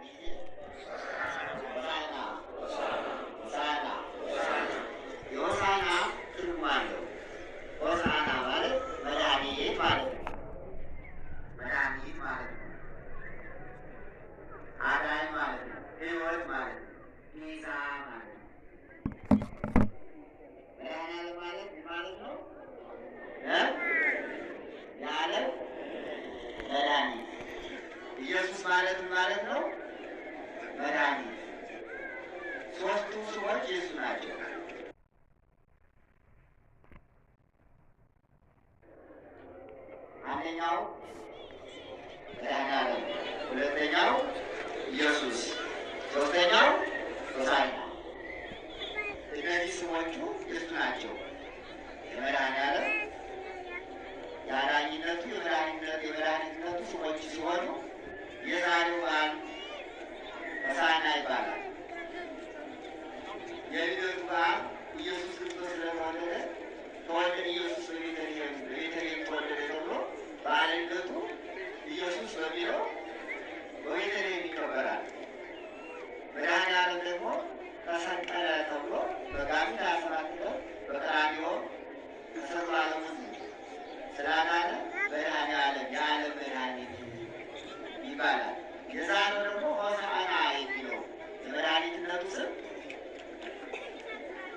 you አንደኛው መድኃኔዓለም፣ ሁለተኛው ኢየሱስ፣ ሶስተኛው ሆሳዕና። እነዚህ ስሞቹ የእሱ ናቸው። የመድኃኔዓለም የአዳኝነቱ የመድኃኒነት የመድኃኒትነቱ ስሞች ሲሆኑ የዛሬው በዓል ሆሳዕና ይባላል። የልደቱ በዓል ኢየሱስ ክርስቶስ ስለተወለደ ተወልደ ኢየሱስ በቤተልሔም በአንገቱ ኢየሱስ በሚለው በቤተልሔም ይከበራል። መድኃኔዓለም ደግሞ ተሰቀለ ተብሎ መጋቢት ሃያ ሰባት ቀን በቀራንዮ ከሰብአ ዓለም ስላዳነ መድኃኔዓለም የዓለም መድኃኒት ይባላል። የዛሬው ደግሞ ሆሳዕና የሚለው የመድኃኒትነቱ ስም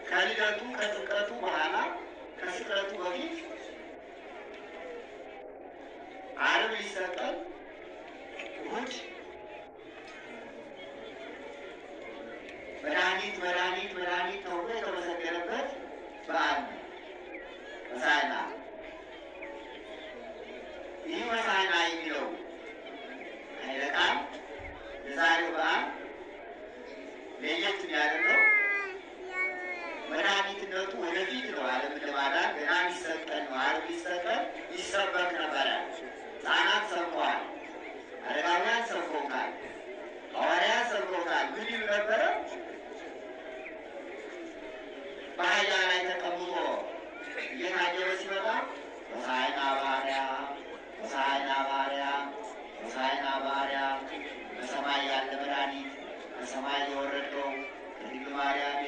ከልደቱ ከጥምቀቱ በኋላ ከስቅለቱ በፊት ዓርብ ይሰጣል፣ እሑድ መድኃኒት መድኃኒት መድኃኒት ተብሎ የተመሰገነበት በዓል ነው ሆሳዕና። ይህ ሆሳዕና የሚለው ኃይለ ቃል የዛሬው በዓል ለየት መድኃኒትነቱ ወደፊት ነው። ዓለምን ለማዳን ገና ነው። ዓርብ ይሰበክ ነበረ። ሕፃናት ሰብከዋል። አረጋውያን ሰብኮታል። ሐዋርያት ሰብኮታል። ምን ይሉ ነበረ? በአህያ ላይ ተቀምጦ እየታጀበ ሲመጣ ሆሳዕና በአርያም፣ ሆሳዕና በአርያም፣ ሆሳዕና በአርያም በሰማይ ያለ መድኃኒት በሰማይ የወረደው ከድንግል ማርያም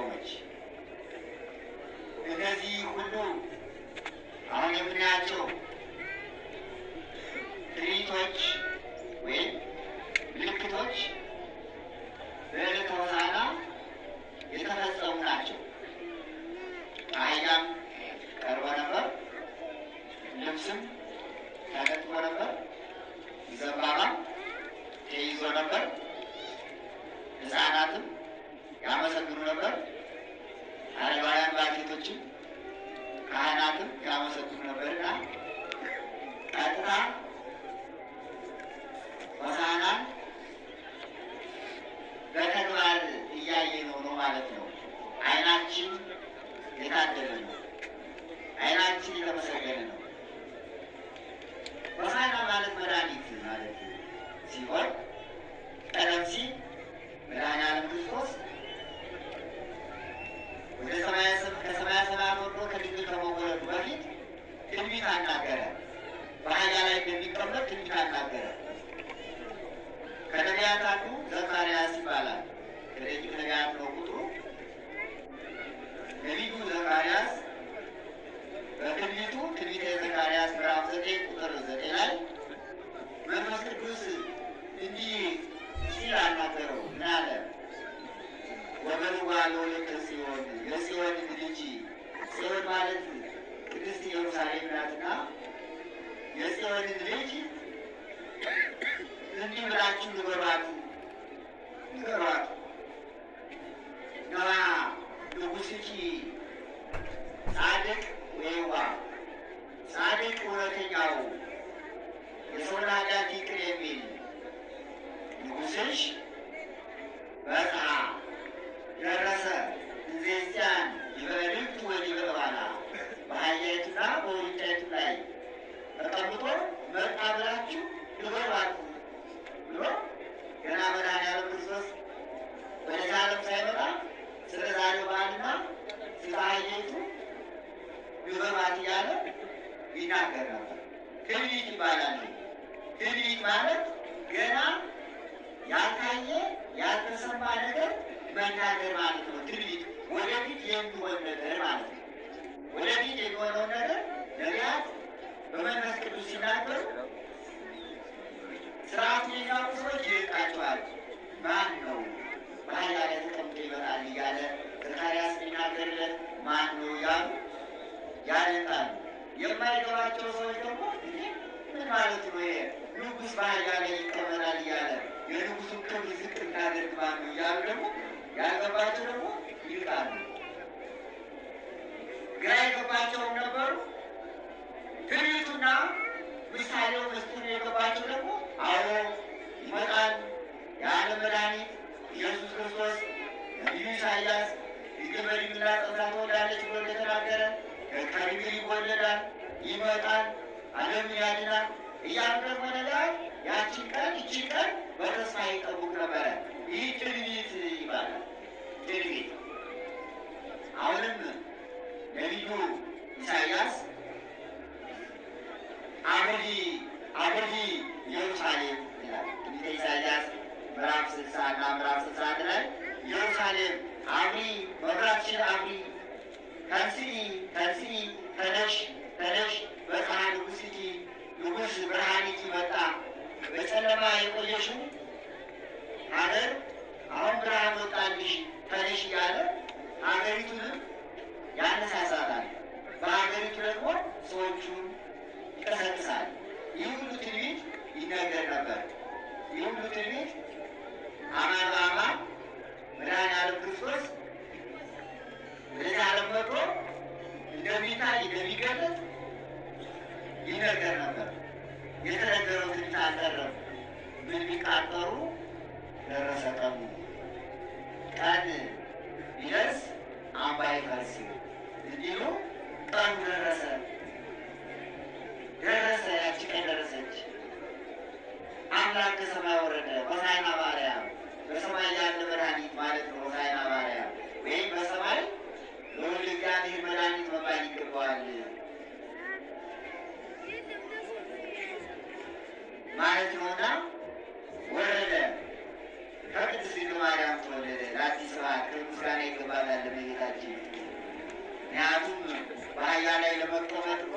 ቆመች። እነዚህ ሁሉ አሁን የምናያቸው ትርኢቶች ወይም बैठना ፊት የሆነው ነገር ነቢያት በመንፈስ ቅዱስ ሲናገሩ ስርዓቱን የሚያውቁ ሰዎች ይርቃቸዋል። ማን ነው ተቀምጦ እያለ ዘካርያስ የሚናገርለት ማን ነው እያሉ የማይገባቸው ሰዎች ደግሞ ምን ማለት ነው ይሄ ይቀመጣል እያለ ክብር ዝቅ እናደርግ ማን ነው እያሉ ደግሞ ያልገባቸው ደግሞ ግራ የገባቸውም ነበሩ። ትንቢቱና ምሳሌው የገባቸው ደግሞ አዎ ይመጣል የዓለም መድኃኒት ኢየሱስ ክርስቶስ ነቢዩ ኢሳያስ ይገበሪምና ጸንሳ ትወልዳለች ብሎ እንደተናገረ ይወለዳል ይመጣል ያድናል እያሉ ደግሞ ነገር ያቺን ቀን ይቺን ቀን በተስፋ ነበረ። ይህ ትንቢት ይባላል። ትንቢት አሁንም ነቢዩ ኢሳያስ አብርሂ አብርሂ ኢየሩሳሌም ይላል። ትንቢተ ኢሳያስ ምዕራፍ ስልሳ እና ምዕራፍ ስልሳ አንድ ላይ ኢየሩሳሌም አብሪ መብራችን አብሪ ተንስኢ ተንስኢ ቀን ቢደርስ አባይ ፈርስም እንዲሉ ቀኑ ደረሰ ደረሰ። ያቺ ቀን ደረሰች። አምላክ ከሰማይ ወረደ። ሆሳዕና በአርያም በሰማይ ያለ መድኃኒት ማለት ነው። ሆሳዕና በአርያም ወይም በሰማይ በሁል እግዚአብሔር መድኃኒት መባል ይገባዋል ማለት ነውና ወረደ ከቅድስት ድንግል ማርያም ተወለደ። ለአዲስ በዓል ክብር ምስጋና ይገባታል ለእመቤታችን። ምክንያቱም በአህያ ላይ ለመቀመጥ እኮ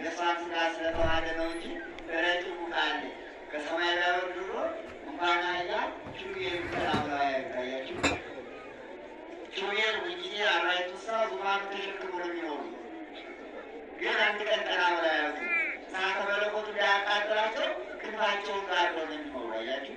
የእሷን ስጋ ስለተዋሃደ ነው እንጂ ረቂቁ ቃል ከሰማይ ላይ ወርዶ እንኳን አህያ ችሩ የሚጠላብላ ያታያችሁ ችሩዬን ሁልጊዜ አራዊት ውሳ ዙፋኑ ተሸክሞ ነው የሚኖሩ ግን አንድ ቀን ጠና ብላ ያዙ ሳተ መለኮቱ እንዳያቃጥላቸው ክንፋቸውን ጋር ነው የሚኖሩ አያችሁ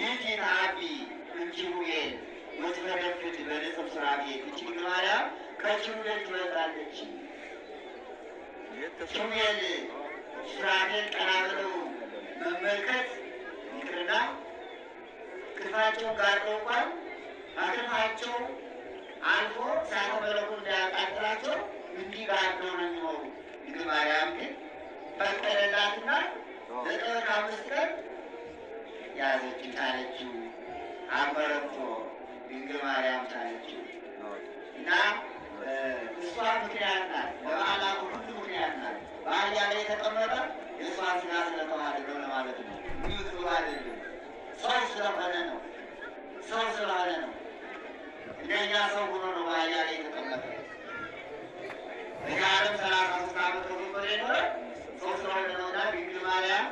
ይእቲ መዓልቲ እንቲሁ ቤል ወትፈረፍድ በንጽሕት እቺ ድንግል ማርያም ከኪሩቤል ትበልጣለች። ኪሩቤል ሱራፌል ቀና ብለው መመልከት ይቅርና ክንፋቸውን ጋርደው እንኳን አክንፋቸው አልፎ እሳተ መለኮት እንዳያቃጥላቸው እንዲህ ጋርደው ነው የሚኖሩ። ድንግል ማርያም ግን ፈቀደላትና ዘጠኝ አምስት ቀን ያዘች ታለችው አበረቶ ድንግል ማርያም ታለችው እና እሷ ምክንያት ናት። በበዓላት ሁሉ ምክንያት ናት። ባህያ ላይ የተቀመጠ የእሷን ስራ ስለተዋደደ ለማለት ነው። ይህ ጥሩ አይደለም። ሰው ስለሆነ ነው። ሰው ስለሆነ ነው። እንደኛ ሰው ሆኖ ነው ባህያ ላይ የተቀመጠ እዛ ዓለም ሰላሳ ሶስት ዓመት ከሶስት የኖረ ሰው ስለሆነ ነውና ድንግል ማርያም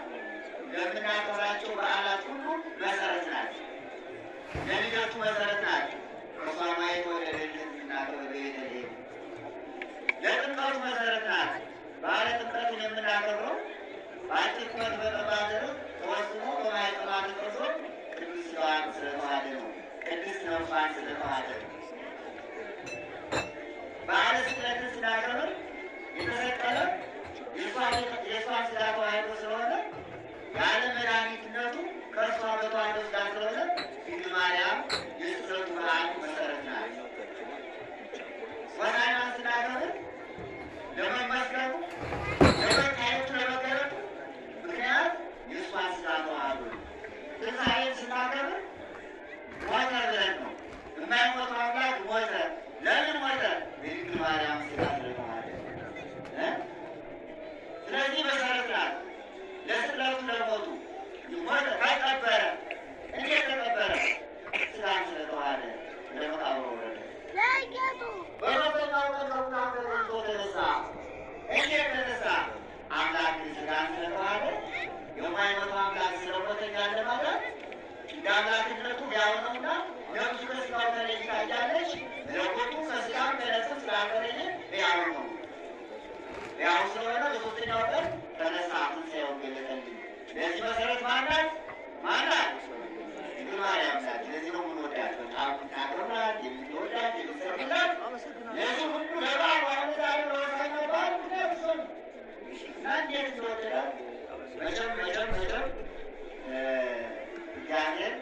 ለምናከብራቸው በዓላት ሁሉ መሰረት ናቸው፣ ለልጆቹ መሰረት ናቸው። ከሰማይ ወደደለት የምናከብረው ቤተልሔም ለጥምቀቱ መሰረት ናት። በዓለ ጥምቀቱን የምናከብረው በአጭር በጠባደር ተወስኖ በማይጠማት ቅርሶች ቅዱስ ሥጋዋን ስለተዋሃደ ነው። ቅዱስ ነፍሷን ስለተዋሃደ ነው። በዓለ ስቅለትን ስናከብር የተሰቀለ የእሷን ስጋ ያለ መድኃኒትነቱ ከእርሷ በተዋህዶ ስላልሆነ ድንግል ማርያም የስቅለቱ በዓል መሰረት ናት። ወራይዋን ስላልሆነ ለመመስገኑ ለመታየቱ፣ ለመገረቱ ምክንያት የእሷ ስላልተዋህዶ ነው። ራእይ ስለሆነ በሶስተኛው ቀን ተነሳ ትንሣኤውን ገለጠልኝ። በዚህ መሰረት ማናት ማናት ማርያም ናት። ለዚህ ነው የምንወዳት በጣም የምናከብራት የምንወዳት የምንሰርላት። ለዚህ ሁሉ ለባል ዋነ ዛሬ ባል ምክንያት እና እንዴት እንደወደዳት መቸም መቸም መቸም እግዚአብሔር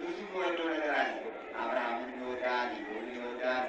ብዙ የሚወደው ነገር አለ። አብርሃምን ይወዳል፣ ይሁን ይወዳል፣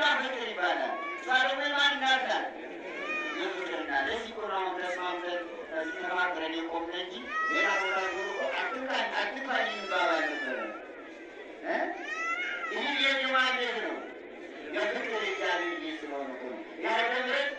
እሷ ፍቅር ይባላል። እሷ ደግሞ የማን እናት ናት? የፍቅር ለዚህ እኮ ተስማምተን እዚህ ተማክረን የቆምን እንጂ ሌላ ቦታ ዞሮ አትባል ይባባል ነበረ። ይህ የማን ቤት ነው? የፍቅር እግዚአብሔር ስለሆነ ያለ ምረት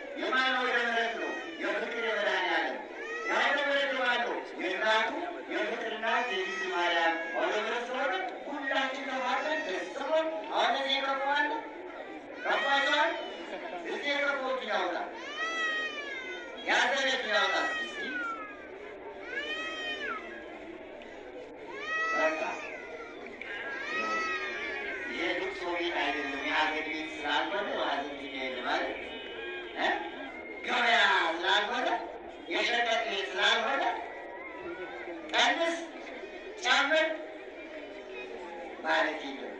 ማለት የለም።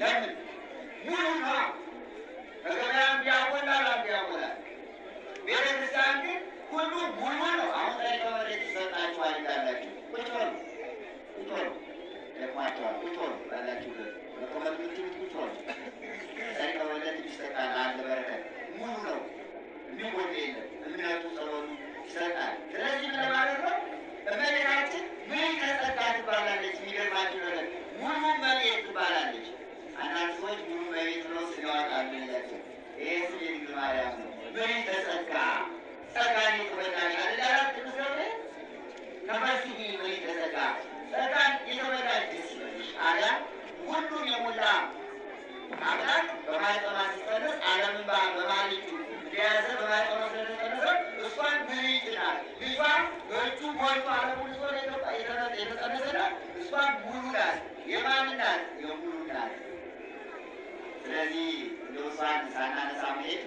ለምን ሙሉ ነው። በገበያም ቢያወላል ቢያወላል ቤተ ክርስቲያን ግን ሁሉ ሙሉ ነው። አሁን ጠሪቀ መሬት ይሰጣችሁ አይዳላችሁ ቁጭ በሉ ቁጭ በሉ ደክሟቸዋል። ቁጭ በሉ ባላችሁበት መቀመጥ የምትችሉት ቁጭ በሉ። ጠሪቀ መሬት ይሰጣል። አንድ በረከት ሙሉ ነው። የሚጎል የለም። እምነቱ ጸሎቱ ይሰጣል። ስለዚህ ምን ለማለት ነው እመ እመቤት ድንግል ማርያም በይህ ተጸጋ ጸጋን የተመላሽ አለላት ቅዱስ ገብርኤል ከመስጊ በይህ ጸጋን የተመላሽ ደስ ሁሉን የሞላ አምላክ በማኅፀኗ ሲጸነስ ዓለምን በማኅፀኗ የያዘ በማኅፀኗ ስለተጸነሰ እሷን ብልጭ ናት። ልጇን በእጁ ሞልቶ ዓለሙን ዞር የተጸነሰ ናት። እሷን ሙሉ ናት። የማን ናት? የሙሉ ናት። ስለዚህ እንደውሷን ሳናነሳ በሚል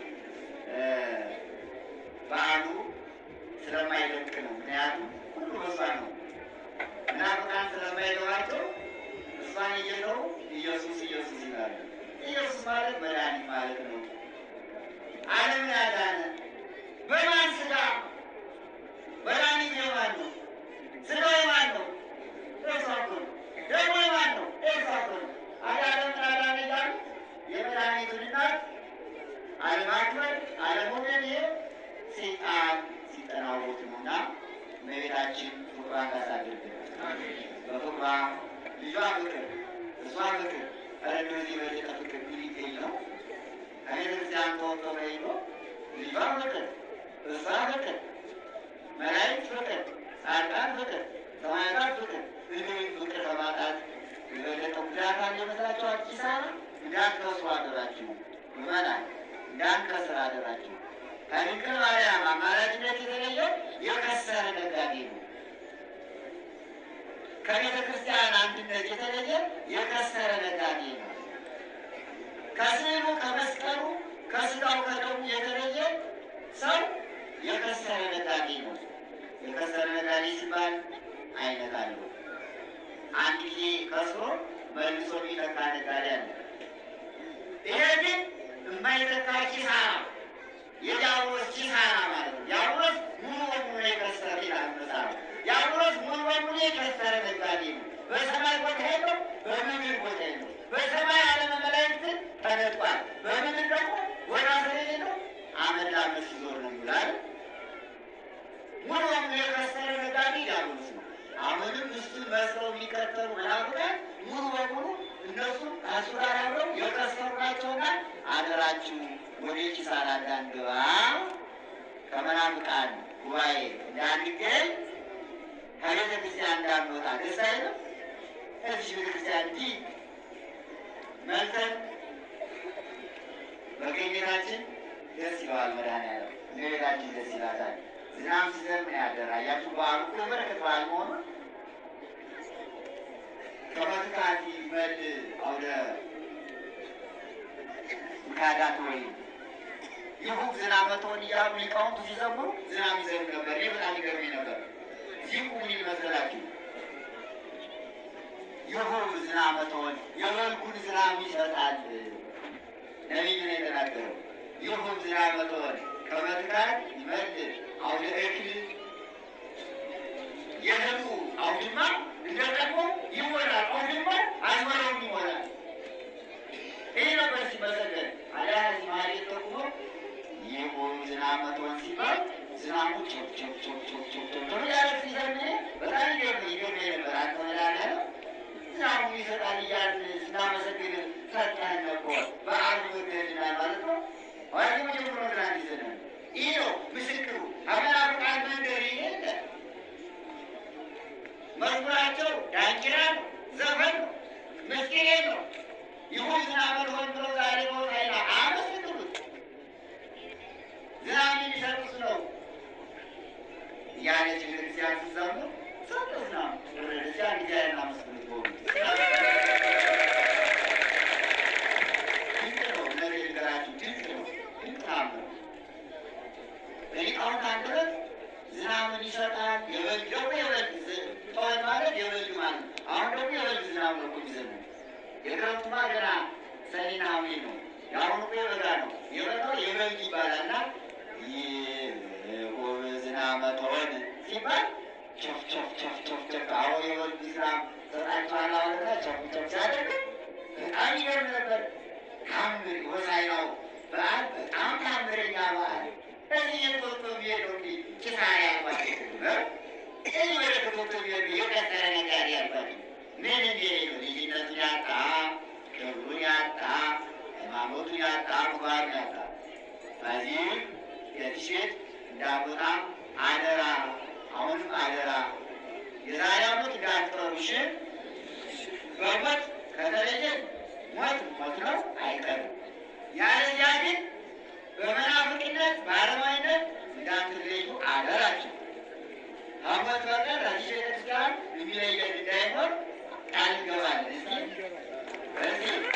በዓሉ ስለማይለቅ ነው። ምክንያቱም ሁሉ እሷ ነው እና በጣም ስለማይገባቸው እሷን እየለው ኢየሱስ ኢየሱስ ይላሉ። ኢየሱስ ማለት መድኃኒት ማለት ነው። ዓለም ከአርቃን ፍቅር ከማያቃት ፍቅር ምግብን ፍቅር ከማጣት ጉዳት አለ ኪሳራ አደራችሁ አደራችሁ። ከድንግል ማርያም አማላጅነት የተለየ የከሰረ ነጋዴ ነው። ከቤተ ክርስቲያን አንድነት የተለየ የከሰረ ነጋዴ ነው። ከስዕሉ ከመስቀሉ ከስጋው ከደሙ የተለየ ሰው የከሰረ ነጋዴ ነው። የከሰረ ነጋዴ ሲባል አይነት አለው። አንድ ጊዜ ከስሮ መልሶ የሚተካ ነጋዴ አለ። ይሄ ግን የማይተካ ኪሳራ የዲያብሎስ ኪሳራ ማለት ነው። ዲያብሎስ ሙሉ በሙሉ የከሰረ ይላል መጽሐፍ። ዲያብሎስ ሙሉ በሙሉ የከሰረ ነጋዴ ነው። በሰማይ ቦታ የለው፣ በምድር ቦታ የለው። በሰማይ ዓለመ መላእክትን ተነጥቋል። በምድር ደግሞ ወደ የሌለው አመድ ለአመድ ሲዞር ነው ይላል። ወላም ለከሰረ ነጋዴ ይላሉ። አሁንም እሱን መስለው የሚከተሉ ሙሉ በሙሉ እነሱ ከሱ ጋር አብረው የከሰሩ ናቸውና አደራችሁ ወደ ኪሳራ እንዳንገባ ከመናፍቃን ጉባኤ እንዳንገኝ ከቤተ ክርስቲያን እንዳንወጣ። ደስ አይልም። እዚህ ቤተ ክርስቲያን መልተን መገኘታችን ደስ ይለዋል። መድኃኒዓለም ለቤታችን ደስ ይላታል። ዝናብ ሲዘንብ ያደራ ያችሁ በዓሉ ሁሉ በረከት በዓል መሆኑን ከመትካት ይመድ አውደ ምካዳት ወይ ይሁብ ዝናብ መቶን እያሉ ሊቃውንቱ ሲዘምሩ ዝናብ ይዘንብ ነበር። ይህ በጣም ይገርመኝ ነበር። ዚቁ ምን ይመስላችሁ? ይሁብ ዝናብ መቶን የበልኩን ዝናብ ይሰጣል። ነቢይ ነው የተናገረው። ይሁብ ዝናብ መቶን ከመካድ መልስ አውደ እክል የህቡ አውድማ እንደቀድሞ ይሞላል። አውድማ አዝመራውም ይሞላል። ይህ ነበር ሲመሰገን አዳያዝ ማሌት ተቁሞ ይሁን ዝናብ መቶን ሲባል ዝናቡ ያለ ሲዘን በጣም ይገርም ይገርም ነበር። አንተ መላለ ዝናቡ ይሰጣል እያልን ስናመሰግን ሰጠን ነበር። በአሉ ወደድናል ማለት ነው። ዋርገ መጀምሮ ብርሃን ይዘነ ይህ ነው ምስክሩ። አብራሩ ቃል መንገድ የለ መዝሙራቸው ዳንኪራን መተወን ሲባል ቸፍ ቸፍ ቸፍ ቸፍ ቸፍ አሁን የወል ኢስላም ሰጣችኋል አሁንና ቸፍ ቸፍ ሲያደርግ በጣም ይገርም ነበር። ታምር ሆሳዕናው በዓል በጣም ታምረኛ በዓል በዚህ የቶቶ ብሄድ እንዲ ኪሳራ ያልባት ይህ ወደ ቶቶ ብሄድ የከሰረ ነገር ያልባት ምን እንደሌለ ልጅነቱን ያጣ ክብሩን ያጣ ሃይማኖቱን ያጣ ምግባሩን ያጣ በዚህ የዚህ ሴት እንዳቦታ አደራ፣ አሁንም አደራ የዛሬ ዓመት ዳጥሮሽ በሞት ከተለየ ሞት ሞት ነው አይቀርም። ያለዚያ ግን በመናፍቅነት በአረማዊነት እንዳትለዩ አደራችን። አሞት በቀር ረጅ ቤተክርስቲያን የሚለየን እንዳይኖር ቃል እንገባለን።